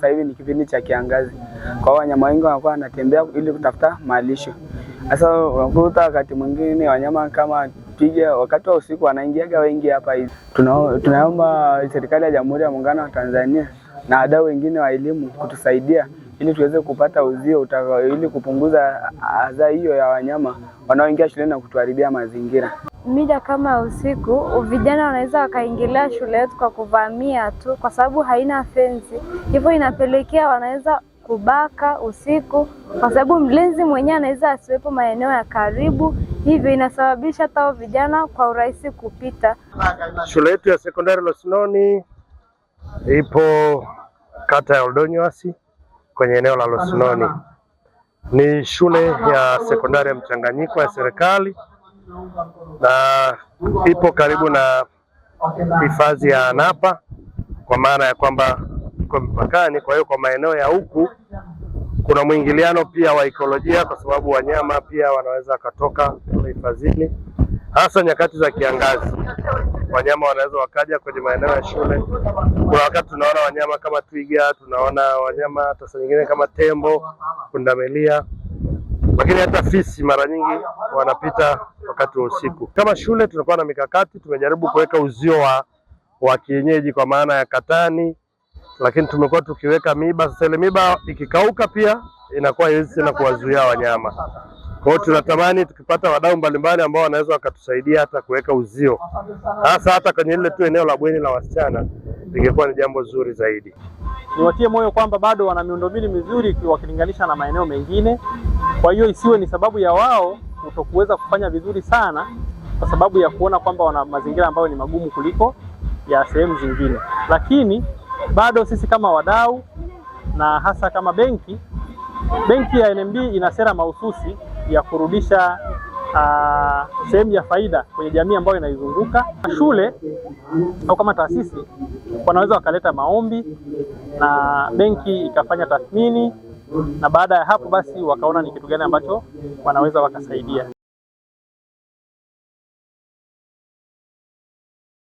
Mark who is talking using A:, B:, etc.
A: sasa hivi ni kipindi cha kiangazi, kwa wanyama wengi wanakuwa wanatembea ili kutafuta malisho. Sasa unakuta wakati mwingine wanyama kama twiga wakati wa usiku wanaingiaga wengi hapa hivi. Tunaomba serikali ya Jamhuri ya Muungano wa Tanzania na wadau wengine wa elimu kutusaidia ili tuweze kupata uzio ili kupunguza adha hiyo ya wanyama wanaoingia shuleni na kutuharibia mazingira
B: mida kama usiku vijana wanaweza wakaingilia shule yetu kwa kuvamia tu, kwa sababu haina fensi, hivyo inapelekea wanaweza kubaka usiku, kwa sababu mlinzi mwenyewe anaweza asiwepo maeneo ya karibu, hivyo inasababisha hata vijana kwa urahisi kupita.
C: Shule yetu ya sekondari Losinoni ipo kata ya Oldonyasi kwenye eneo la Losinoni. Ni shule ya sekondari ya mchanganyiko ya serikali na ipo karibu na hifadhi ya Anapa kwa maana ya kwamba iko mpakani. Kwa hiyo kwa maeneo ya huku kuna mwingiliano pia wa ekolojia, kwa sababu wanyama pia wanaweza wakatoka hifadhini, hasa nyakati za kiangazi. Wanyama wanaweza wakaja kwenye maeneo ya shule. Kuna wakati tunaona wanyama kama twiga, tunaona wanyama hata saa nyingine kama tembo, pundamilia, lakini hata fisi mara nyingi wanapita wakati wa usiku. Kama shule tunakuwa na mikakati, tumejaribu kuweka uzio wa, wa kienyeji kwa maana ya katani, lakini tumekuwa tukiweka miba. Sasa ile miba ikikauka pia inakuwa haiwezi tena kuwazuia wanyama. Kwa hiyo tunatamani tukipata wadau mbalimbali ambao wanaweza wakatusaidia hata kuweka uzio, hasa hata kwenye lile tu eneo la bweni la wasichana, ingekuwa ni jambo zuri zaidi.
D: Niwatie moyo kwamba bado wana miundombinu mizuri wakilinganisha na maeneo mengine, kwa hiyo isiwe ni sababu ya wao kutokuweza kufanya vizuri sana kwa sababu ya kuona kwamba wana mazingira ambayo ni magumu kuliko ya sehemu zingine, lakini bado sisi kama wadau na hasa kama benki, benki ya NMB ina sera mahususi ya kurudisha uh, sehemu ya faida kwenye jamii ambayo inaizunguka. Shule au kama taasisi wanaweza wakaleta maombi na benki ikafanya tathmini na baada ya hapo basi wakaona ni kitu gani ambacho wanaweza wakasaidia.